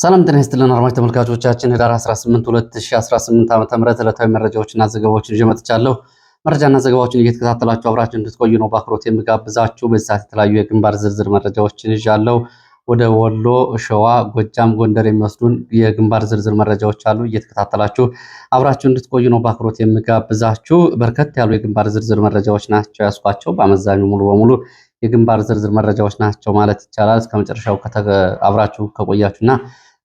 ሰላም ጤና ይስጥልን አድማጭ ተመልካቾቻችን፣ ህዳር 18 2018 ዓ.ም ዕለታዊ መረጃዎችና ዘገባዎችን ይዤ መጥቻለሁ። መረጃና ዘገባዎችን እየተከታተላችሁ አብራችሁ እንድትቆዩ ነው በአክብሮት የምጋብዛችሁ። በዚህ ሰዓት የተለያዩ የግንባር ዝርዝር መረጃዎችን ይዣለሁ። ወደ ወሎ፣ ሸዋ፣ ጎጃም፣ ጎንደር የሚወስዱን የግንባር ዝርዝር መረጃዎች አሉ። እየተከታተላችሁ አብራችሁ እንድትቆዩ ነው በአክብሮት የምጋብዛችሁ። በርከት ያሉ የግንባር ዝርዝር መረጃዎች ናቸው ያስኳቸው። በአመዛኙ ሙሉ በሙሉ የግንባር ዝርዝር መረጃዎች ናቸው ማለት ይቻላል። እስከ መጨረሻው አብራችሁ ከቆያችሁና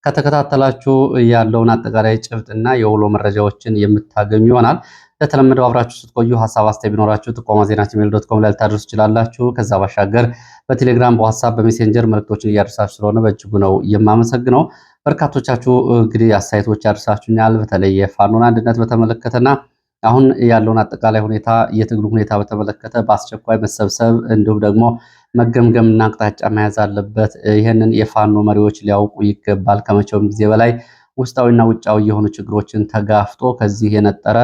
ከተከታተላችሁ ያለውን አጠቃላይ ጭብጥና የውሎ መረጃዎችን የምታገኙ ይሆናል። እንደተለመደው አብራችሁ ስትቆዩ ሀሳብ አስተያየት ቢኖራችሁ ጥቆማ ዜና ጂሜል ዶት ኮም ላይ ልታደርሱ ትችላላችሁ። ከዛ ባሻገር በቴሌግራም በዋትሳፕ በሜሴንጀር መልእክቶችን እያደርሳችሁ ስለሆነ በእጅጉ ነው የማመሰግነው። በርካቶቻችሁ እንግዲህ አስተያየቶች ያደርሳችሁኛል። በተለይ የፋኖን አንድነት በተመለከተና አሁን ያለውን አጠቃላይ ሁኔታ የትግሉ ሁኔታ በተመለከተ በአስቸኳይ መሰብሰብ እንዲሁም ደግሞ መገምገምና አቅጣጫ መያዝ አለበት። ይህንን የፋኖ መሪዎች ሊያውቁ ይገባል። ከመቼውም ጊዜ በላይ ውስጣዊና ውጫዊ የሆኑ ችግሮችን ተጋፍጦ ከዚህ የነጠረ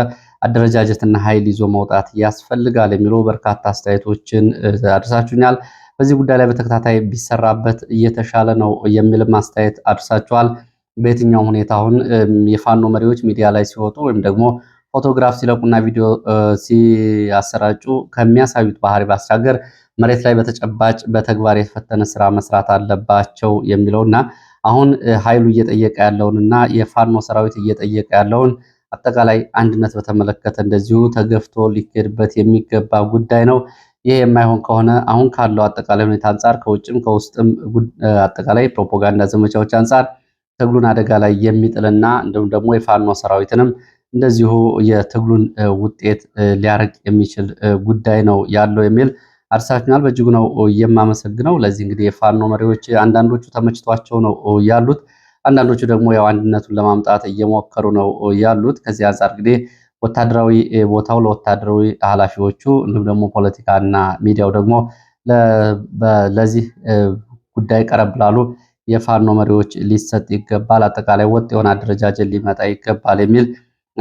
አደረጃጀትና ኃይል ይዞ መውጣት ያስፈልጋል የሚሉ በርካታ አስተያየቶችን አድርሳችሁኛል። በዚህ ጉዳይ ላይ በተከታታይ ቢሰራበት እየተሻለ ነው የሚልም አስተያየት አድርሳችኋል። በየትኛውም ሁኔታ አሁን የፋኖ መሪዎች ሚዲያ ላይ ሲወጡ ወይም ደግሞ ፎቶግራፍ ሲለቁና ቪዲዮ ሲያሰራጩ ከሚያሳዩት ባህሪ ባሻገር መሬት ላይ በተጨባጭ በተግባር የተፈተነ ስራ መስራት አለባቸው የሚለውና አሁን ኃይሉ እየጠየቀ ያለውንና የፋኖ ሰራዊት እየጠየቀ ያለውን አጠቃላይ አንድነት በተመለከተ እንደዚሁ ተገፍቶ ሊኬድበት የሚገባ ጉዳይ ነው። ይህ የማይሆን ከሆነ አሁን ካለው አጠቃላይ ሁኔታ አንጻር ከውጭም ከውስጥም አጠቃላይ ፕሮፓጋንዳ ዘመቻዎች አንጻር ትግሉን አደጋ ላይ የሚጥልና እንዲሁም ደግሞ የፋኖ ሰራዊትንም እንደዚሁ የትግሉን ውጤት ሊያረቅ የሚችል ጉዳይ ነው ያለው የሚል አድርሳችሁናል። በእጅጉ ነው የማመሰግነው። ለዚህ እንግዲህ የፋኖ መሪዎች አንዳንዶቹ ተመችቷቸው ነው ያሉት፣ አንዳንዶቹ ደግሞ ያው አንድነቱን ለማምጣት እየሞከሩ ነው ያሉት። ከዚህ አንጻር እንግዲህ ወታደራዊ ቦታው ለወታደራዊ ኃላፊዎቹ እንዲሁም ደግሞ እና ሚዲያው ደግሞ ለዚህ ጉዳይ ቀረብ ላሉ የፋኖ መሪዎች ሊሰጥ ይገባል፣ አጠቃላይ ወጥ የሆነ አደረጃጀት ሊመጣ ይገባል የሚል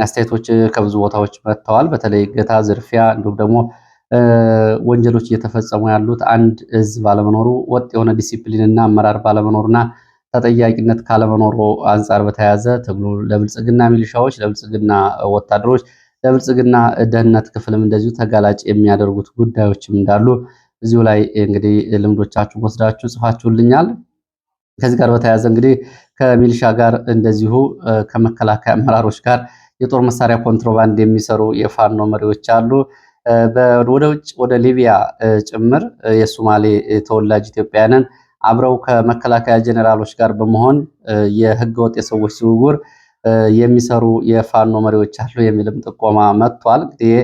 አስተያየቶች ከብዙ ቦታዎች መጥተዋል። በተለይ እገታ፣ ዝርፊያ እንዲሁም ደግሞ ወንጀሎች እየተፈጸሙ ያሉት አንድ እዝ ባለመኖሩ ወጥ የሆነ ዲሲፕሊንና አመራር ባለመኖሩና ተጠያቂነት ካለመኖሩ አንጻር በተያያዘ ትግሉ ለብልጽግና ሚሊሻዎች፣ ለብልጽግና ወታደሮች፣ ለብልጽግና ደህንነት ክፍልም እንደዚሁ ተጋላጭ የሚያደርጉት ጉዳዮችም እንዳሉ እዚሁ ላይ እንግዲህ ልምዶቻችሁን ወስዳችሁ ጽፋችሁልኛል። ከዚህ ጋር በተያያዘ እንግዲህ ከሚሊሻ ጋር እንደዚሁ ከመከላከያ አመራሮች ጋር የጦር መሳሪያ ኮንትሮባንድ የሚሰሩ የፋኖ መሪዎች አሉ። ወደ ውጭ ወደ ሊቢያ ጭምር የሶማሌ ተወላጅ ኢትዮጵያውያንን አብረው ከመከላከያ ጀኔራሎች ጋር በመሆን የህገወጥ የሰዎች ዝውውር የሚሰሩ የፋኖ መሪዎች አሉ የሚልም ጥቆማ መጥቷል። እንግዲህ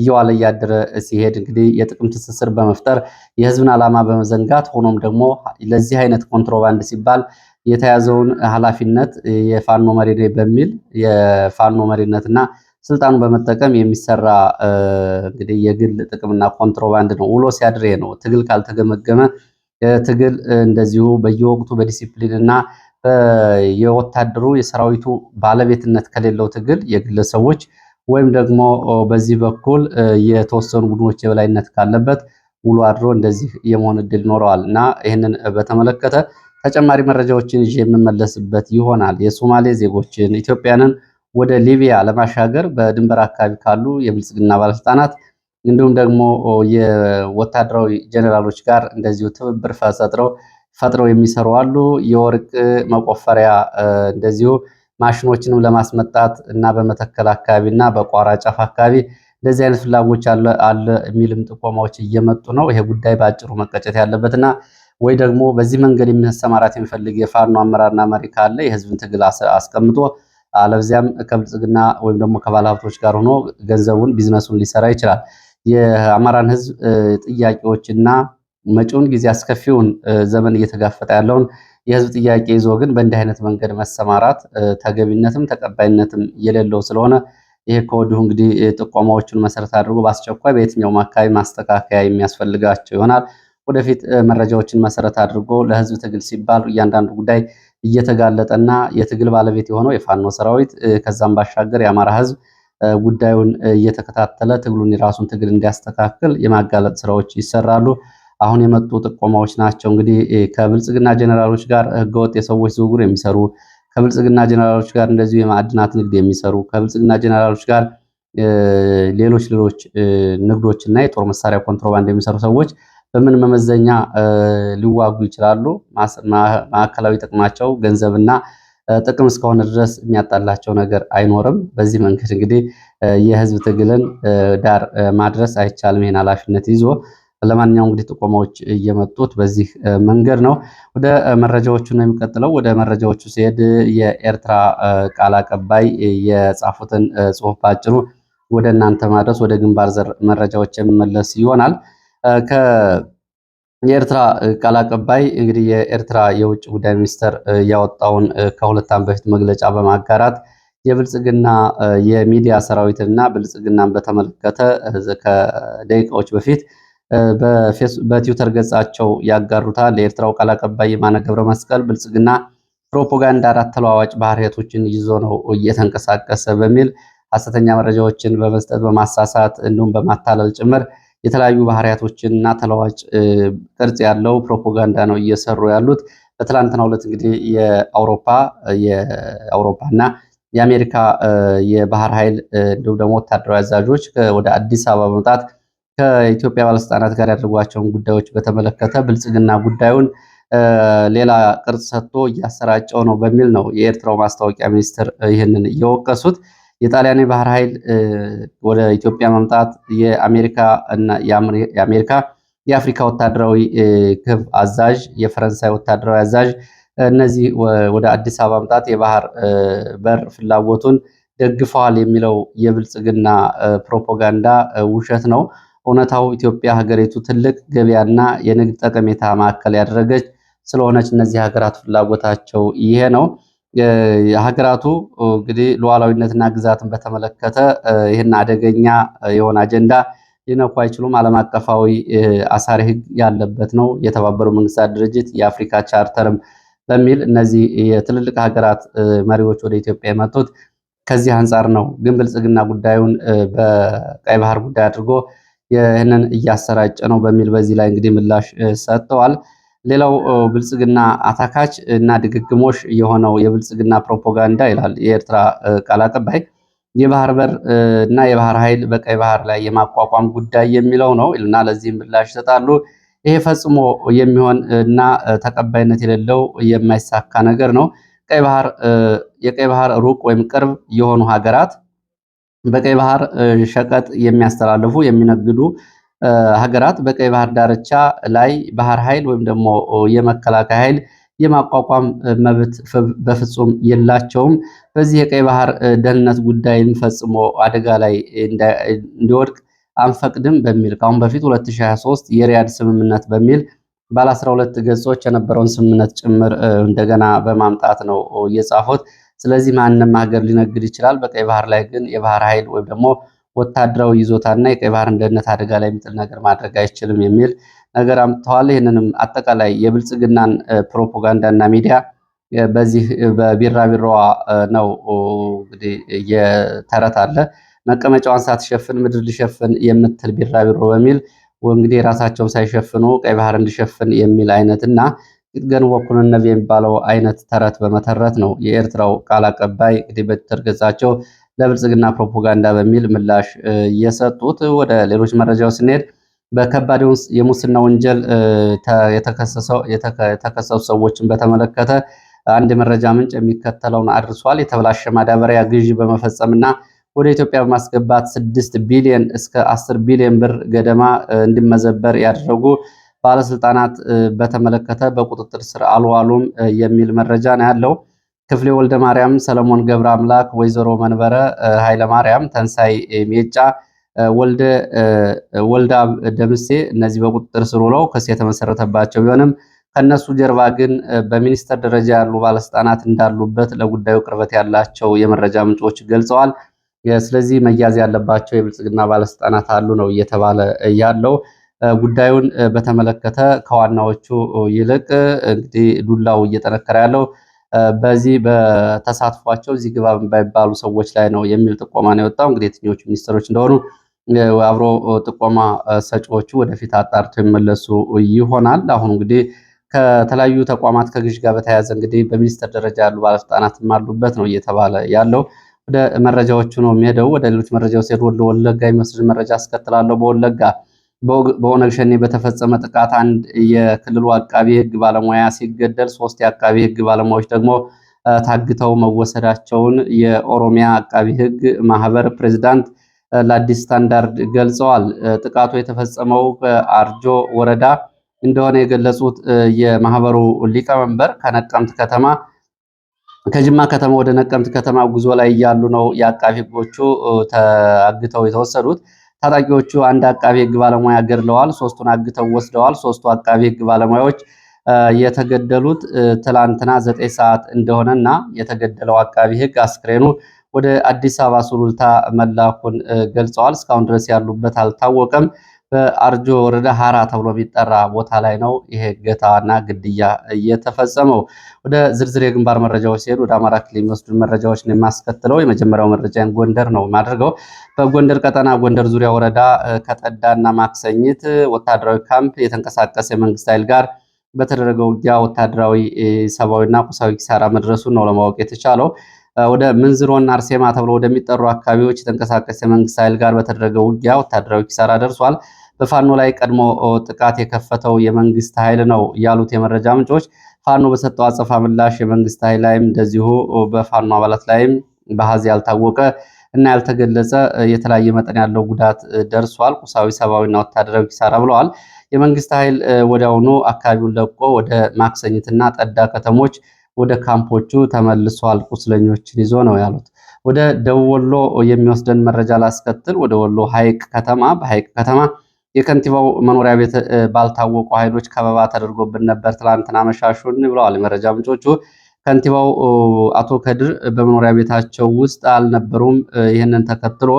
እየዋለ እያደረ ሲሄድ እንግዲህ የጥቅም ትስስር በመፍጠር የህዝብን ዓላማ በመዘንጋት ሆኖም ደግሞ ለዚህ አይነት ኮንትሮባንድ ሲባል የተያዘውን ኃላፊነት የፋኖ መሪ በሚል የፋኖ መሪነትና ስልጣኑ በመጠቀም የሚሰራ እንግዲህ የግል ጥቅምና ኮንትሮባንድ ነው። ውሎ ሲያድር ነው። ትግል ካልተገመገመ ትግል እንደዚሁ በየወቅቱ በዲሲፕሊን እና የወታደሩ የሰራዊቱ ባለቤትነት ከሌለው ትግል የግለሰቦች ወይም ደግሞ በዚህ በኩል የተወሰኑ ቡድኖች የበላይነት ካለበት ውሎ አድሮ እንደዚህ የመሆን እድል ይኖረዋል እና ይህንን በተመለከተ ተጨማሪ መረጃዎችን ይዤ የምመለስበት ይሆናል። የሶማሌ ዜጎችን ኢትዮጵያንን ወደ ሊቢያ ለማሻገር በድንበር አካባቢ ካሉ የብልጽግና ባለስልጣናት እንዲሁም ደግሞ የወታደራዊ ጀኔራሎች ጋር እንደዚሁ ትብብር ፈጥረው ፈጥረው የሚሰሩ አሉ። የወርቅ መቆፈሪያ እንደዚሁ ማሽኖችንም ለማስመጣት እና በመተከል አካባቢ እና በቋራ ጫፍ አካባቢ እንደዚህ አይነት ፍላጎች አለ የሚልም ጥቆማዎች እየመጡ ነው። ይሄ ጉዳይ በአጭሩ መቀጨት ያለበትና ወይ ደግሞ በዚህ መንገድ የሚሰማራት የሚፈልግ የፋኖ አመራርና መሪ ካለ የህዝብን ትግል አስቀምጦ አለብዚያም ከብልጽግና ወይም ደግሞ ከባለሀብቶች ጋር ሆኖ ገንዘቡን ቢዝነሱን ሊሰራ ይችላል። የአማራን ህዝብ ጥያቄዎችና መጪውን ጊዜ አስከፊውን ዘመን እየተጋፈጠ ያለውን የህዝብ ጥያቄ ይዞ ግን በእንዲህ አይነት መንገድ መሰማራት ተገቢነትም ተቀባይነትም የሌለው ስለሆነ ይሄ ከወዲሁ እንግዲህ ጥቆማዎቹን መሰረት አድርጎ በአስቸኳይ በየትኛውም አካባቢ ማስተካከያ የሚያስፈልጋቸው ይሆናል። ወደፊት መረጃዎችን መሰረት አድርጎ ለህዝብ ትግል ሲባል እያንዳንዱ ጉዳይ እየተጋለጠና የትግል ባለቤት የሆነው የፋኖ ሰራዊት ከዛም ባሻገር የአማራ ህዝብ ጉዳዩን እየተከታተለ ትግሉን የራሱን ትግል እንዲያስተካክል የማጋለጥ ስራዎች ይሰራሉ። አሁን የመጡ ጥቆማዎች ናቸው። እንግዲህ ከብልጽግና ጀኔራሎች ጋር ህገወጥ የሰዎች ዝውውር የሚሰሩ ከብልጽግና ጀኔራሎች ጋር እንደዚሁ የማዕድናት ንግድ የሚሰሩ ከብልጽግና ጀኔራሎች ጋር ሌሎች ሌሎች ንግዶች እና የጦር መሳሪያ ኮንትሮባንድ የሚሰሩ ሰዎች በምን መመዘኛ ሊዋጉ ይችላሉ? ማዕከላዊ ጥቅማቸው ገንዘብና ጥቅም እስከሆነ ድረስ የሚያጣላቸው ነገር አይኖርም። በዚህ መንገድ እንግዲህ የህዝብ ትግልን ዳር ማድረስ አይቻልም። ይህን ኃላፊነት ይዞ ለማንኛውም እንግዲህ ጥቆማዎች እየመጡት በዚህ መንገድ ነው። ወደ መረጃዎቹ ነው የሚቀጥለው። ወደ መረጃዎቹ ሲሄድ የኤርትራ ቃል አቀባይ የጻፉትን ጽሁፍ ባጭሩ ወደ እናንተ ማድረስ ወደ ግንባር ዘር መረጃዎች የሚመለስ ይሆናል። የኤርትራ ቃል አቀባይ እንግዲህ የኤርትራ የውጭ ጉዳይ ሚኒስተር ያወጣውን ከሁለት ዓመት በፊት መግለጫ በማጋራት የብልጽግና የሚዲያ ሰራዊትና ብልጽግናን በተመለከተ ከደቂቃዎች በፊት በትዊተር ገጻቸው ያጋሩታል። ለኤርትራው ቃል አቀባይ የማነ ገብረ መስቀል ብልጽግና ፕሮፓጋንዳ አራት ተለዋዋጭ ባህሪያቶችን ይዞ ነው እየተንቀሳቀሰ በሚል ሀሰተኛ መረጃዎችን በመስጠት በማሳሳት እንዲሁም በማታለል ጭምር የተለያዩ ባህሪያቶችን እና ተለዋጭ ቅርጽ ያለው ፕሮፓጋንዳ ነው እየሰሩ ያሉት። በትላንትናው ዕለት እንግዲህ የአውሮፓ የአውሮፓ እና የአሜሪካ የባህር ኃይል እንዲሁም ደግሞ ወታደራዊ አዛዦች ወደ አዲስ አበባ መምጣት ከኢትዮጵያ ባለስልጣናት ጋር ያደርጓቸውን ጉዳዮች በተመለከተ ብልጽግና ጉዳዩን ሌላ ቅርጽ ሰጥቶ እያሰራጨው ነው በሚል ነው የኤርትራው ማስታወቂያ ሚኒስትር ይህንን እየወቀሱት። የጣሊያን የባህር ኃይል ወደ ኢትዮጵያ መምጣት የአሜሪካ የአፍሪካ ወታደራዊ ክብ አዛዥ፣ የፈረንሳይ ወታደራዊ አዛዥ እነዚህ ወደ አዲስ አበባ መምጣት የባህር በር ፍላጎቱን ደግፈዋል የሚለው የብልጽግና ፕሮፓጋንዳ ውሸት ነው። እውነታው ኢትዮጵያ ሀገሪቱ ትልቅ ገበያና የንግድ ጠቀሜታ ማዕከል ያደረገች ስለሆነች እነዚህ ሀገራት ፍላጎታቸው ይሄ ነው። የሀገራቱ እንግዲህ ሉዓላዊነትና ግዛትን በተመለከተ ይህን አደገኛ የሆነ አጀንዳ ሊነኩ አይችሉም። ዓለም አቀፋዊ አሳሪ ሕግ ያለበት ነው። የተባበሩ መንግስታት ድርጅት የአፍሪካ ቻርተርም በሚል እነዚህ የትልልቅ ሀገራት መሪዎች ወደ ኢትዮጵያ የመጡት ከዚህ አንጻር ነው። ግን ብልጽግና ጉዳዩን በቀይ ባህር ጉዳይ አድርጎ ይህንን እያሰራጨ ነው በሚል በዚህ ላይ እንግዲህ ምላሽ ሰጥተዋል። ሌላው ብልጽግና አታካች እና ድግግሞሽ የሆነው የብልጽግና ፕሮፓጋንዳ ይላል የኤርትራ ቃል አቀባይ። የባህር በር እና የባህር ኃይል በቀይ ባህር ላይ የማቋቋም ጉዳይ የሚለው ነው እና ለዚህም ምላሽ ይሰጣሉ። ይሄ ፈጽሞ የሚሆን እና ተቀባይነት የሌለው የማይሳካ ነገር ነው። የቀይ ባህር ሩቅ ወይም ቅርብ የሆኑ ሀገራት በቀይ ባህር ሸቀጥ የሚያስተላልፉ የሚነግዱ ሀገራት በቀይ ባህር ዳርቻ ላይ ባህር ኃይል ወይም ደግሞ የመከላከያ ኃይል የማቋቋም መብት በፍጹም የላቸውም። በዚህ የቀይ ባህር ደህንነት ጉዳይም ፈጽሞ አደጋ ላይ እንዲወድቅ አንፈቅድም በሚል ከአሁን በፊት 2023 የሪያድ ስምምነት በሚል ባለ 12 ገጾች የነበረውን ስምምነት ጭምር እንደገና በማምጣት ነው እየጻፉት። ስለዚህ ማንም ሀገር ሊነግድ ይችላል። በቀይ ባህር ላይ ግን የባህር ኃይል ወይም ደግሞ ወታደራዊ ይዞታና የቀይ ባህርን ደህንነት አደጋ ላይ የሚጥል ነገር ማድረግ አይችልም የሚል ነገር አምጥተዋል። ይህንንም አጠቃላይ የብልጽግናን ፕሮፓጋንዳና ሚዲያ በዚህ በቢራቢሮዋ ነው እንግዲህ እየተረት አለ መቀመጫዋን ሳትሸፍን ምድር ሊሸፍን የምትል ቢራቢሮ በሚል እንግዲህ ራሳቸውን ሳይሸፍኑ ቀይ ባህር እንዲሸፍን የሚል አይነት እና ግን ወኩንነብ የሚባለው አይነት ተረት በመተረት ነው የኤርትራው ቃል አቀባይ እንግዲህ ለብልጽግና ፕሮፓጋንዳ በሚል ምላሽ የሰጡት። ወደ ሌሎች መረጃዎች ስንሄድ በከባድ የሙስና ወንጀል የተከሰሱ ሰዎችን በተመለከተ አንድ መረጃ ምንጭ የሚከተለውን አድርሷል። የተበላሸ ማዳበሪያ ግዢ በመፈጸምና ወደ ኢትዮጵያ በማስገባት ስድስት ቢሊዮን እስከ አስር ቢሊዮን ብር ገደማ እንዲመዘበር ያደረጉ ባለስልጣናት በተመለከተ በቁጥጥር ስር አልዋሉም የሚል መረጃ ነው ያለው። ክፍሌ ወልደ ማርያም፣ ሰለሞን ገብረ አምላክ፣ ወይዘሮ መንበረ ኃይለ ማርያም፣ ተንሳይ ሜጫ፣ ወልዳ ደምሴ እነዚህ በቁጥጥር ስር ውለው ክስ የተመሰረተባቸው ቢሆንም ከእነሱ ጀርባ ግን በሚኒስተር ደረጃ ያሉ ባለስልጣናት እንዳሉበት ለጉዳዩ ቅርበት ያላቸው የመረጃ ምንጮች ገልጸዋል። ስለዚህ መያዝ ያለባቸው የብልጽግና ባለስልጣናት አሉ ነው እየተባለ ያለው። ጉዳዩን በተመለከተ ከዋናዎቹ ይልቅ እንግዲህ ዱላው እየጠነከረ ያለው በዚህ በተሳትፏቸው እዚህ ግባ ባይባሉ ሰዎች ላይ ነው የሚል ጥቆማ ነው የወጣው። እንግዲህ የትኞቹ ሚኒስትሮች እንደሆኑ አብሮ ጥቆማ ሰጪዎቹ ወደፊት አጣርቶ የመለሱ ይሆናል። አሁን እንግዲህ ከተለያዩ ተቋማት ከግዥ ጋር በተያያዘ እንግዲህ በሚኒስትር ደረጃ ያሉ ባለስልጣናትም አሉበት ነው እየተባለ ያለው። ወደ መረጃዎቹ ነው የሚሄደው። ወደ ሌሎች መረጃዎች ሲሄድ ወደ ወለጋ የሚወስድ መረጃ አስከትላለሁ። በወለጋ በኦነግ ሸኔ በተፈጸመ ጥቃት አንድ የክልሉ አቃቢ ሕግ ባለሙያ ሲገደል ሶስት የአቃቢ ሕግ ባለሙያዎች ደግሞ ታግተው መወሰዳቸውን የኦሮሚያ አቃቢ ሕግ ማህበር ፕሬዚዳንት ለአዲስ ስታንዳርድ ገልጸዋል። ጥቃቱ የተፈጸመው በአርጆ ወረዳ እንደሆነ የገለጹት የማህበሩ ሊቀመንበር ከነቀምት ከተማ ከጅማ ከተማ ወደ ነቀምት ከተማ ጉዞ ላይ እያሉ ነው የአቃቢ ሕጎቹ ታግተው የተወሰዱት። ታጣቂዎቹ አንድ አቃቢ ህግ ባለሙያ ገድለዋል። ሶስቱን አግተው ወስደዋል። ሶስቱ አቃቢ ህግ ባለሙያዎች የተገደሉት ትላንትና ዘጠኝ ሰዓት እንደሆነ እና የተገደለው አቃቢ ህግ አስክሬኑ ወደ አዲስ አበባ ሱሉልታ መላኩን ገልጸዋል። እስካሁን ድረስ ያሉበት አልታወቀም። በአርጆ ወረዳ ሀራ ተብሎ የሚጠራ ቦታ ላይ ነው ይሄ እገታና ግድያ እየተፈጸመው። ወደ ዝርዝር የግንባር መረጃዎች ሲሄዱ ወደ አማራ ክልል የሚወስዱ መረጃዎች ነው የማስከትለው። የመጀመሪያው መረጃን ጎንደር ነው የማደርገው። በጎንደር ቀጠና ጎንደር ዙሪያ ወረዳ ከጠዳና ማክሰኝት ወታደራዊ ካምፕ የተንቀሳቀሰ የመንግስት ኃይል ጋር በተደረገው ውጊያ ወታደራዊ ሰብአዊና ቁሳዊ ኪሳራ መድረሱን ነው ለማወቅ የተቻለው። ወደ ምንዝሮና አርሴማ ተብሎ ወደሚጠሩ አካባቢዎች የተንቀሳቀሰ የመንግስት ኃይል ጋር በተደረገ ውጊያ ወታደራዊ ኪሳራ ደርሷል። በፋኖ ላይ ቀድሞ ጥቃት የከፈተው የመንግስት ኃይል ነው ያሉት የመረጃ ምንጮች ፋኖ በሰጠው አጸፋ ምላሽ የመንግስት ኃይል ላይም እንደዚሁ በፋኖ አባላት ላይም በሀዝ ያልታወቀ እና ያልተገለጸ የተለያየ መጠን ያለው ጉዳት ደርሷል። ቁሳዊ፣ ሰብአዊና ወታደራዊ ኪሳራ ብለዋል። የመንግስት ኃይል ወዲያውኑ አካባቢውን ለቆ ወደ ማክሰኝትና ጠዳ ከተሞች ወደ ካምፖቹ ተመልሷል፣ ቁስለኞችን ይዞ ነው ያሉት። ወደ ደቡብ ወሎ የሚወስደን መረጃ ላስከትል። ወደ ወሎ ሐይቅ ከተማ በሐይቅ ከተማ የከንቲባው መኖሪያ ቤት ባልታወቁ ኃይሎች ከበባ ተደርጎብን ነበር ትላንትና መሻሹን ብለዋል የመረጃ ምንጮቹ። ከንቲባው አቶ ከድር በመኖሪያ ቤታቸው ውስጥ አልነበሩም። ይህንን ተከትሎ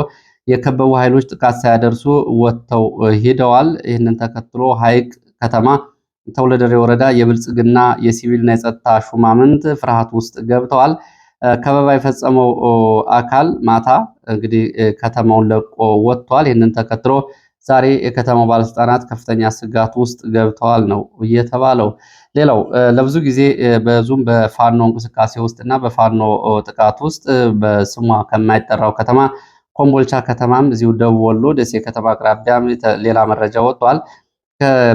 የከበቡ ኃይሎች ጥቃት ሳያደርሱ ወጥተው ሂደዋል። ይህንን ተከትሎ ሐይቅ ከተማ ተውለደሬ ወረዳ የብልጽግና የሲቪልና የጸጥታ ሹማምንት ፍርሃት ውስጥ ገብተዋል። ከበባ የፈጸመው አካል ማታ እንግዲህ ከተማውን ለቆ ወጥቷል። ይህንን ተከትሎ ዛሬ የከተማው ባለስልጣናት ከፍተኛ ስጋት ውስጥ ገብተዋል ነው እየተባለው። ሌላው ለብዙ ጊዜ በዙም በፋኖ እንቅስቃሴ ውስጥ እና በፋኖ ጥቃት ውስጥ በስሟ ከማይጠራው ከተማ ኮምቦልቻ ከተማም እዚሁ ደቡብ ወሎ ደሴ ከተማ አቅራቢያም ሌላ መረጃ ወጥቷል።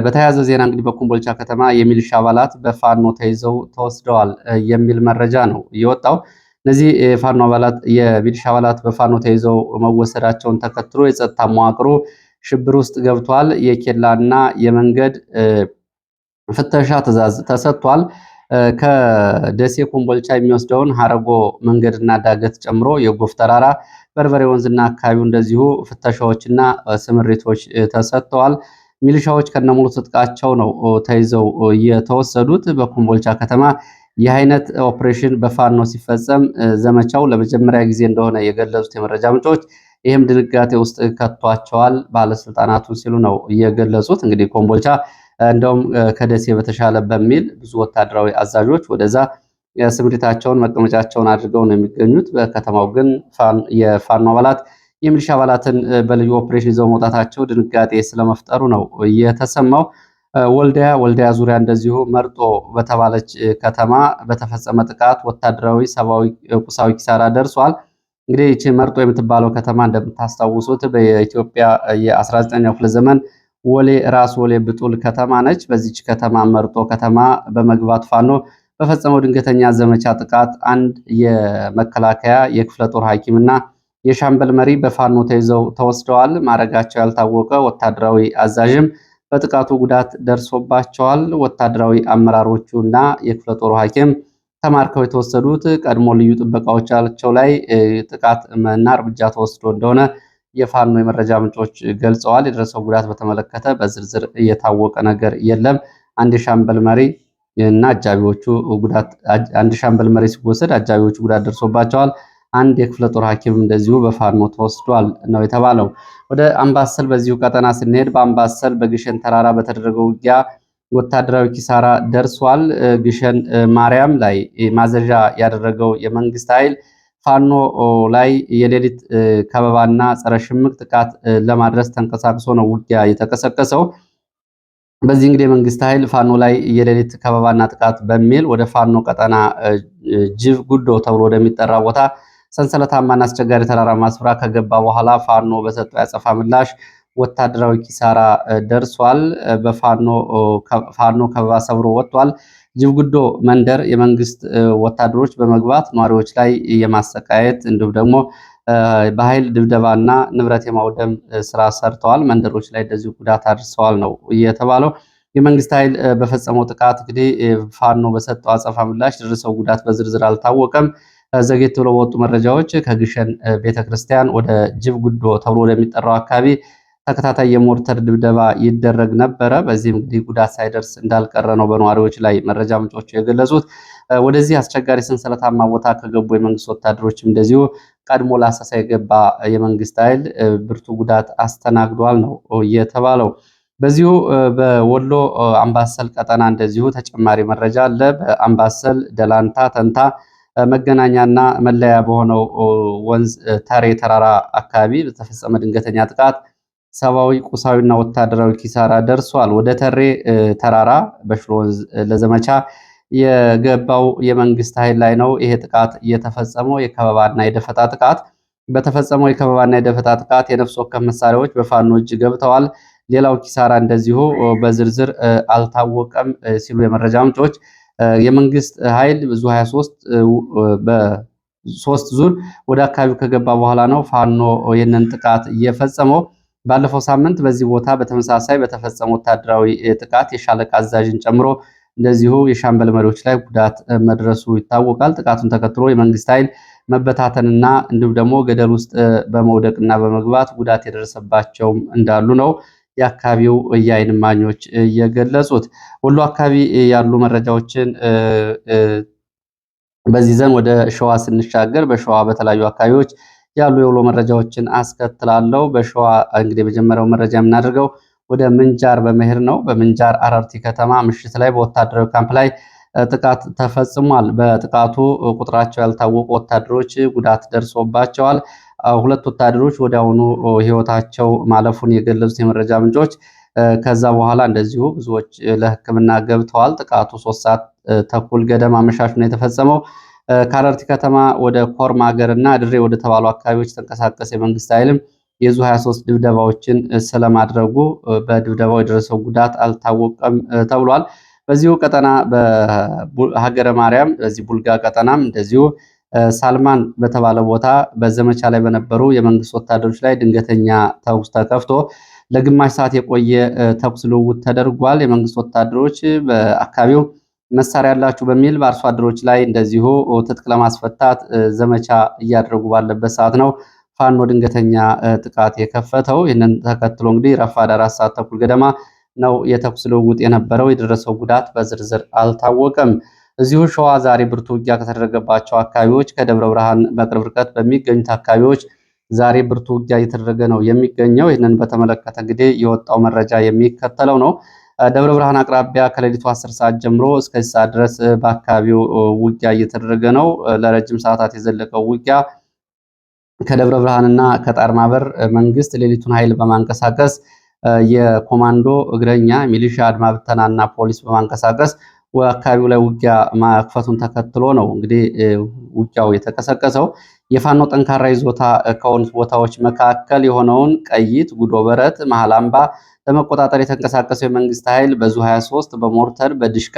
በተያያዘ ዜና እንግዲህ በኮምቦልቻ ከተማ የሚሊሻ አባላት በፋኖ ተይዘው ተወስደዋል የሚል መረጃ ነው የወጣው። እነዚህ የፋኖ አባላት የሚሊሻ አባላት በፋኖ ተይዘው መወሰዳቸውን ተከትሎ የጸጥታ መዋቅሩ ሽብር ውስጥ ገብቷል። የኬላና የመንገድ ፍተሻ ትዕዛዝ ተሰጥቷል። ከደሴ ኮምቦልቻ የሚወስደውን ሀረጎ መንገድና ዳገት ጨምሮ የጎፍ ተራራ፣ በርበሬ ወንዝና አካባቢው እንደዚሁ ፍተሻዎችና ስምሪቶች ተሰጥተዋል። ሚሊሻዎች ከነሙሉ ትጥቃቸው ነው ተይዘው የተወሰዱት። በኮምቦልቻ ከተማ ይህ አይነት ኦፕሬሽን በፋኖ ሲፈጸም ዘመቻው ለመጀመሪያ ጊዜ እንደሆነ የገለጹት የመረጃ ምንጮች ይህም ድንጋጤ ውስጥ ከቷቸዋል ባለስልጣናቱ ሲሉ ነው የገለጹት። እንግዲህ ኮምቦልቻ እንደውም ከደሴ በተሻለ በሚል ብዙ ወታደራዊ አዛዦች ወደዛ ስምሪታቸውን መቀመጫቸውን አድርገው ነው የሚገኙት። በከተማው ግን የፋኖ አባላት የሚሊሻ አባላትን በልዩ ኦፕሬሽን ይዘው መውጣታቸው ድንጋጤ ስለመፍጠሩ ነው የተሰማው። ወልዲያ ወልዲያ ዙሪያ እንደዚሁ መርጦ በተባለች ከተማ በተፈጸመ ጥቃት ወታደራዊ፣ ሰብአዊ፣ ቁሳዊ ኪሳራ ደርሷል። እንግዲህ ይቺ መርጦ የምትባለው ከተማ እንደምታስታውሱት በኢትዮጵያ የ19ኛው ክፍለ ዘመን ወሌ ራስ ወሌ ብጡል ከተማ ነች። በዚች ከተማ መርጦ ከተማ በመግባት ፋኖ በፈጸመው ድንገተኛ ዘመቻ ጥቃት አንድ የመከላከያ የክፍለ ጦር ሐኪምና የሻምበል መሪ በፋኖ ተይዘው ተወስደዋል። ማረጋቸው ያልታወቀ ወታደራዊ አዛዥም በጥቃቱ ጉዳት ደርሶባቸዋል። ወታደራዊ አመራሮቹ እና የክፍለ ጦሩ ሐኪም ተማርከው የተወሰዱት ቀድሞ ልዩ ጥበቃዎቻቸው ላይ ጥቃት እና እርምጃ ተወስዶ እንደሆነ የፋኖ የመረጃ ምንጮች ገልጸዋል። የደረሰው ጉዳት በተመለከተ በዝርዝር የታወቀ ነገር የለም። አንድ የሻምበል መሪ እና አጃቢዎቹ ጉዳት አንድ ሻምበል መሪ ሲወሰድ አጃቢዎቹ ጉዳት ደርሶባቸዋል። አንድ የክፍለ ጦር ሐኪም እንደዚሁ በፋኖ ተወስዷል ነው የተባለው። ወደ አምባሰል በዚሁ ቀጠና ስንሄድ በአምባሰል በግሸን ተራራ በተደረገው ውጊያ ወታደራዊ ኪሳራ ደርሷል። ግሸን ማርያም ላይ ማዘዣ ያደረገው የመንግስት ኃይል ፋኖ ላይ የሌሊት ከበባና ጸረ ሽምቅ ጥቃት ለማድረስ ተንቀሳቅሶ ነው ውጊያ የተቀሰቀሰው። በዚህ እንግዲህ የመንግስት ኃይል ፋኖ ላይ የሌሊት ከበባና ጥቃት በሚል ወደ ፋኖ ቀጠና ጅብ ጉዶ ተብሎ ወደሚጠራ ቦታ ሰንሰለታማና አስቸጋሪ ተራራማ ስፍራ ከገባ በኋላ ፋኖ በሰጠው ያጸፋ ምላሽ ወታደራዊ ኪሳራ ደርሷል። በፋኖ ከበባ ሰብሮ ወጥቷል። ጅብጉዶ መንደር የመንግስት ወታደሮች በመግባት ነዋሪዎች ላይ የማሰቃየት እንዲሁም ደግሞ በኃይል ድብደባና ንብረት የማውደም ስራ ሰርተዋል። መንደሮች ላይ እንደዚሁ ጉዳት አድርሰዋል ነው የተባለው። የመንግስት ኃይል በፈጸመው ጥቃት እንግዲህ ፋኖ በሰጠው አጸፋ ምላሽ ደረሰው ጉዳት በዝርዝር አልታወቀም። ዘግየት ብለው በወጡ መረጃዎች ከግሸን ቤተክርስቲያን ወደ ጅብ ጉዶ ተብሎ ወደሚጠራው አካባቢ ተከታታይ የሞርተር ድብደባ ይደረግ ነበረ። በዚህም እንግዲህ ጉዳት ሳይደርስ እንዳልቀረ ነው በነዋሪዎች ላይ መረጃ ምንጮቹ የገለጹት። ወደዚህ አስቸጋሪ ሰንሰለታማ ቦታ ከገቡ የመንግስት ወታደሮችም እንደዚሁ ቀድሞ ላሰሳ የገባ የመንግስት ኃይል ብርቱ ጉዳት አስተናግዷል ነው የተባለው። በዚሁ በወሎ አምባሰል ቀጠና እንደዚሁ ተጨማሪ መረጃ አለ። በአምባሰል ደላንታ፣ ተንታ መገናኛና መለያ በሆነው ወንዝ ተሬ ተራራ አካባቢ በተፈጸመ ድንገተኛ ጥቃት ሰብአዊ ቁሳዊና ወታደራዊ ኪሳራ ደርሷል። ወደ ተሬ ተራራ በሽሎ ወንዝ ለዘመቻ የገባው የመንግስት ኃይል ላይ ነው ይሄ ጥቃት የተፈጸመው የከበባና የደፈጣ ጥቃት በተፈጸመው የከበባና የደፈጣ ጥቃት የነፍስ ወከፍ መሳሪያዎች በፋኖ እጅ ገብተዋል። ሌላው ኪሳራ እንደዚሁ በዝርዝር አልታወቀም ሲሉ የመረጃ ምንጮች የመንግስት ኃይል ብዙ 23 በሶስት ዙር ወደ አካባቢው ከገባ በኋላ ነው ፋኖ ይህንን ጥቃት እየፈጸመው። ባለፈው ሳምንት በዚህ ቦታ በተመሳሳይ በተፈጸመ ወታደራዊ ጥቃት የሻለቃ አዛዥን ጨምሮ እንደዚሁ የሻምበል መሪዎች ላይ ጉዳት መድረሱ ይታወቃል። ጥቃቱን ተከትሎ የመንግስት ኃይል መበታተንና እንዲሁም ደግሞ ገደል ውስጥ በመውደቅና በመግባት ጉዳት የደረሰባቸውም እንዳሉ ነው። የአካባቢው የዓይን እማኞች የገለጹት። ወሎ አካባቢ ያሉ መረጃዎችን በዚህ ዘን ወደ ሸዋ ስንሻገር በሸዋ በተለያዩ አካባቢዎች ያሉ የወሎ መረጃዎችን አስከትላለሁ። በሸዋ እንግዲህ የመጀመሪያው መረጃ የምናደርገው ወደ ምንጃር በመሄድ ነው። በምንጃር አረርቲ ከተማ ምሽት ላይ በወታደራዊ ካምፕ ላይ ጥቃት ተፈጽሟል። በጥቃቱ ቁጥራቸው ያልታወቁ ወታደሮች ጉዳት ደርሶባቸዋል። ሁለት ወታደሮች ወዲያውኑ ህይወታቸው ማለፉን የገለጹት የመረጃ ምንጮች ከዛ በኋላ እንደዚሁ ብዙዎች ለሕክምና ገብተዋል። ጥቃቱ ሶስት ሰዓት ተኩል ገደማ አመሻሽ ነው የተፈጸመው። ካረርቲ ከተማ ወደ ኮርማ ሀገር እና ድሬ ወደ ተባሉ አካባቢዎች ተንቀሳቀሰ የመንግስት ኃይልም የዙ 23 ድብደባዎችን ስለማድረጉ በድብደባው የደረሰው ጉዳት አልታወቀም ተብሏል። በዚሁ ቀጠና በሀገረ ማርያም በዚህ ቡልጋ ቀጠናም እንደዚሁ ሳልማን በተባለ ቦታ በዘመቻ ላይ በነበሩ የመንግስት ወታደሮች ላይ ድንገተኛ ተኩስ ተከፍቶ ለግማሽ ሰዓት የቆየ ተኩስ ልውውጥ ተደርጓል። የመንግስት ወታደሮች በአካባቢው መሳሪያ ያላችሁ በሚል በአርሶ አደሮች ላይ እንደዚሁ ትጥቅ ለማስፈታት ዘመቻ እያደረጉ ባለበት ሰዓት ነው ፋኖ ድንገተኛ ጥቃት የከፈተው። ይህንን ተከትሎ እንግዲህ ረፋድ አራት ሰዓት ተኩል ገደማ ነው የተኩስ ልውውጥ የነበረው። የደረሰው ጉዳት በዝርዝር አልታወቀም። እዚሁ ሸዋ ዛሬ ብርቱ ውጊያ ከተደረገባቸው አካባቢዎች ከደብረ ብርሃን በቅርብ ርቀት በሚገኙት አካባቢዎች ዛሬ ብርቱ ውጊያ እየተደረገ ነው የሚገኘው። ይህንን በተመለከተ እንግዲህ የወጣው መረጃ የሚከተለው ነው። ደብረ ብርሃን አቅራቢያ ከሌሊቱ አስር ሰዓት ጀምሮ እስከ ሰዓት ድረስ በአካባቢው ውጊያ እየተደረገ ነው። ለረጅም ሰዓታት የዘለቀው ውጊያ ከደብረ ብርሃንና ከጣርማበር መንግስት ሌሊቱን ኃይል በማንቀሳቀስ የኮማንዶ እግረኛ ሚሊሻ አድማ ብተናና ፖሊስ በማንቀሳቀስ አካባቢው ላይ ውጊያ ማክፈቱን ተከትሎ ነው እንግዲህ ውጊያው የተቀሰቀሰው። የፋኖ ጠንካራ ይዞታ ከሆኑት ቦታዎች መካከል የሆነውን ቀይት፣ ጉዶ በረት፣ መሀል አምባ ለመቆጣጠር የተንቀሳቀሰው የመንግስት ኃይል በዙ 23 በሞርተር በድሽቃ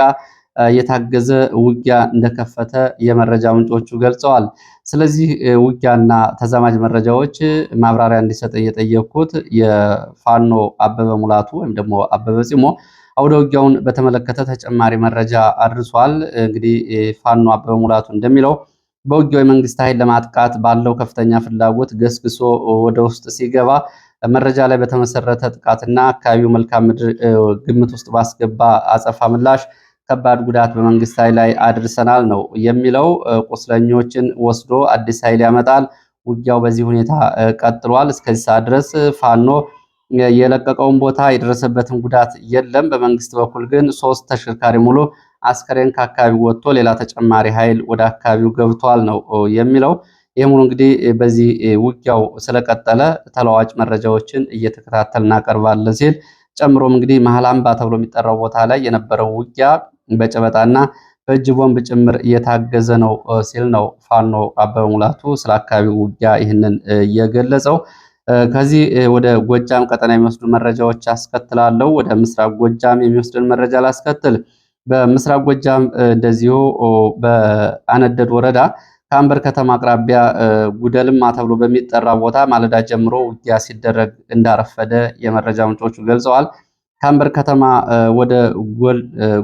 የታገዘ ውጊያ እንደከፈተ የመረጃ ምንጮቹ ገልጸዋል። ስለዚህ ውጊያና ተዛማጅ መረጃዎች ማብራሪያ እንዲሰጠኝ የጠየኩት የፋኖ አበበ ሙላቱ ወይም ደግሞ አበበ ፂሞ አውደ ውጊያውን በተመለከተ ተጨማሪ መረጃ አድርሷል። እንግዲህ ፋኖ አበበ ሙላቱ እንደሚለው በውጊያው የመንግስት ኃይል ለማጥቃት ባለው ከፍተኛ ፍላጎት ገስግሶ ወደ ውስጥ ሲገባ መረጃ ላይ በተመሰረተ ጥቃትና አካባቢው መልክዓ ምድር ግምት ውስጥ ባስገባ አጸፋ ምላሽ ከባድ ጉዳት በመንግስት ኃይል ላይ አድርሰናል ነው የሚለው። ቁስለኞችን ወስዶ አዲስ ኃይል ያመጣል። ውጊያው በዚህ ሁኔታ ቀጥሏል። እስከዚህ ሰዓት ድረስ ፋኖ የለቀቀውን ቦታ የደረሰበትን ጉዳት የለም። በመንግስት በኩል ግን ሶስት ተሽከርካሪ ሙሉ አስከሬን ከአካባቢው ወጥቶ ሌላ ተጨማሪ ኃይል ወደ አካባቢው ገብቷል ነው የሚለው። ይህ ሙሉ እንግዲህ በዚህ ውጊያው ስለቀጠለ ተለዋጭ መረጃዎችን እየተከታተል እናቀርባለን ሲል ጨምሮም እንግዲህ መሀል አምባ ተብሎ የሚጠራው ቦታ ላይ የነበረው ውጊያ በጨበጣና በእጅ ቦምብ ጭምር እየታገዘ ነው ሲል ነው ፋኖ አበበ ሙላቱ ስለ አካባቢው ውጊያ ይህንን የገለጸው። ከዚህ ወደ ጎጃም ቀጠና የሚወስዱ መረጃዎች አስከትላለሁ። ወደ ምስራቅ ጎጃም የሚወስድን መረጃ ላስከትል። በምስራቅ ጎጃም እንደዚሁ በአነደድ ወረዳ ከአንበር ከተማ አቅራቢያ ጉደልማ ተብሎ በሚጠራ ቦታ ማለዳ ጀምሮ ውጊያ ሲደረግ እንዳረፈደ የመረጃ ምንጮቹ ገልጸዋል። ከአንበር ከተማ ወደ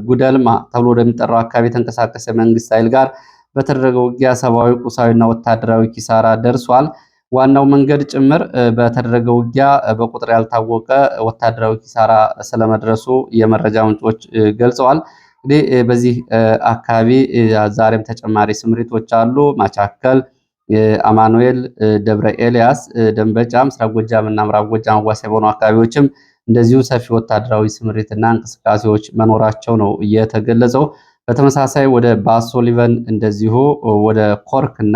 ጉደልማ ተብሎ ወደሚጠራው አካባቢ የተንቀሳቀሰ መንግስት ኃይል ጋር በተደረገ ውጊያ ሰብአዊ፣ ቁሳዊና ወታደራዊ ኪሳራ ደርሷል። ዋናው መንገድ ጭምር በተደረገ ውጊያ በቁጥር ያልታወቀ ወታደራዊ ኪሳራ ስለመድረሱ የመረጃ ምንጮች ገልጸዋል። እንግዲህ በዚህ አካባቢ ዛሬም ተጨማሪ ስምሪቶች አሉ። ማቻከል፣ አማኑኤል፣ ደብረ ኤልያስ፣ ደንበጫ፣ ምስራቅ ጎጃም እና ምዕራብ ጎጃም አዋሳኝ በሆኑ አካባቢዎችም እንደዚሁ ሰፊ ወታደራዊ ስምሪትና እንቅስቃሴዎች መኖራቸው ነው የተገለጸው። በተመሳሳይ ወደ ባሶ እንደዚሁ ወደ ኮርክ እና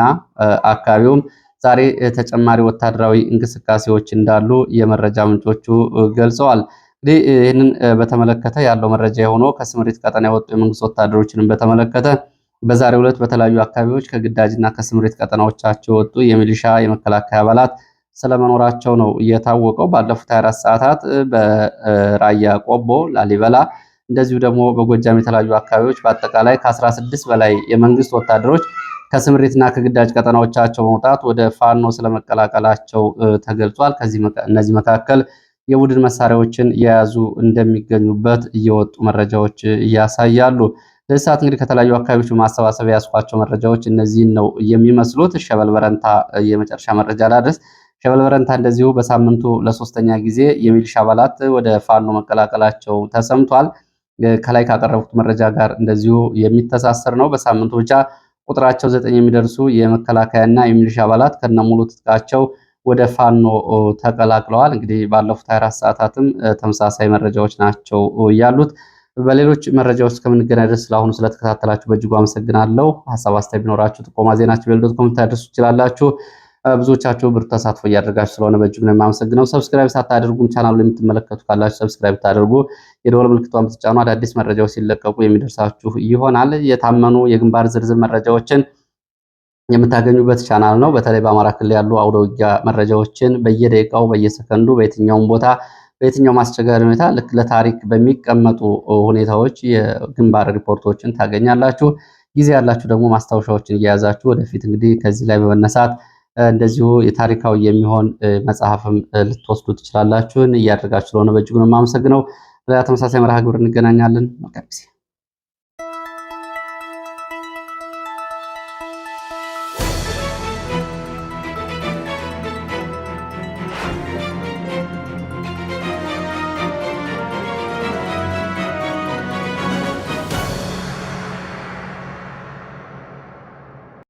አካባቢውም ዛሬ ተጨማሪ ወታደራዊ እንቅስቃሴዎች እንዳሉ የመረጃ ምንጮቹ ገልጸዋል። እንግዲህ ይህንን በተመለከተ ያለው መረጃ የሆነው ከስምሪት ቀጠና የወጡ የመንግስት ወታደሮችንም በተመለከተ በዛሬው ዕለት በተለያዩ አካባቢዎች ከግዳጅና ከስምሪት ቀጠናዎቻቸው የወጡ የሚሊሻ የመከላከያ አባላት ስለመኖራቸው ነው እየታወቀው። ባለፉት 24 ሰዓታት በራያ ቆቦ፣ ላሊበላ እንደዚሁ ደግሞ በጎጃም የተለያዩ አካባቢዎች በአጠቃላይ ከ16 በላይ የመንግስት ወታደሮች ከስምሪትና ከግዳጅ ቀጠናዎቻቸው በመውጣት ወደ ፋኖ ስለመቀላቀላቸው ተገልጿል። እነዚህ መካከል የቡድን መሳሪያዎችን የያዙ እንደሚገኙበት እየወጡ መረጃዎች እያሳያሉ። ለሰዓት እንግዲህ ከተለያዩ አካባቢዎች በማሰባሰብ ያስኳቸው መረጃዎች እነዚህን ነው የሚመስሉት። ሸበል በረንታ የመጨረሻ መረጃ ላድረስ። ሸበል በረንታ እንደዚሁ በሳምንቱ ለሶስተኛ ጊዜ የሚሊሻ አባላት ወደ ፋኖ መቀላቀላቸው ተሰምቷል። ከላይ ካቀረብኩት መረጃ ጋር እንደዚሁ የሚተሳሰር ነው። በሳምንቱ ብቻ ቁጥራቸው ዘጠኝ የሚደርሱ የመከላከያና የሚሊሻ አባላት ከነሙሉ ትጥቃቸው ወደ ፋኖ ተቀላቅለዋል። እንግዲህ ባለፉት 24 ሰዓታትም ተመሳሳይ መረጃዎች ናቸው ያሉት። በሌሎች መረጃዎች እስከምንገናኝ ድረስ ለአሁኑ ስለተከታተላችሁ በእጅጉ አመሰግናለሁ። ሀሳብ አስተያየት ቢኖራችሁ ጥቆማ ዜናችሁ ሜል ዶት ኮም ታደርሱ ትችላላችሁ። ብዙዎቻቸው ብር ተሳትፎ እያደረጋችሁ ስለሆነ በእጅጉ ነው የማመሰግነው። ሰብስክራይብ ሳታደርጉም ቻናሉ የምትመለከቱ ካላችሁ ሰብስክራይብ ታደርጉ፣ የደወል ምልክቷን ብትጫኑ አዳዲስ መረጃዎች ሲለቀቁ የሚደርሳችሁ ይሆናል። የታመኑ የግንባር ዝርዝር መረጃዎችን የምታገኙበት ቻናል ነው። በተለይ በአማራ ክልል ያሉ አውደ ውጊያ መረጃዎችን በየደቂቃው በየሰከንዱ በየትኛውም ቦታ በየትኛውም አስቸጋሪ ሁኔታ ልክ ለታሪክ በሚቀመጡ ሁኔታዎች የግንባር ሪፖርቶችን ታገኛላችሁ። ጊዜ ያላችሁ ደግሞ ማስታወሻዎችን እየያዛችሁ ወደፊት እንግዲህ ከዚህ ላይ በመነሳት እንደዚሁ የታሪካዊ የሚሆን መጽሐፍም ልትወስዱ ትችላላችሁን። እያደርጋችሁ ለሆነ በእጅጉ ነው የማመሰግነው። በተመሳሳይ መርሃ ግብር እንገናኛለን። መልካም ጊዜ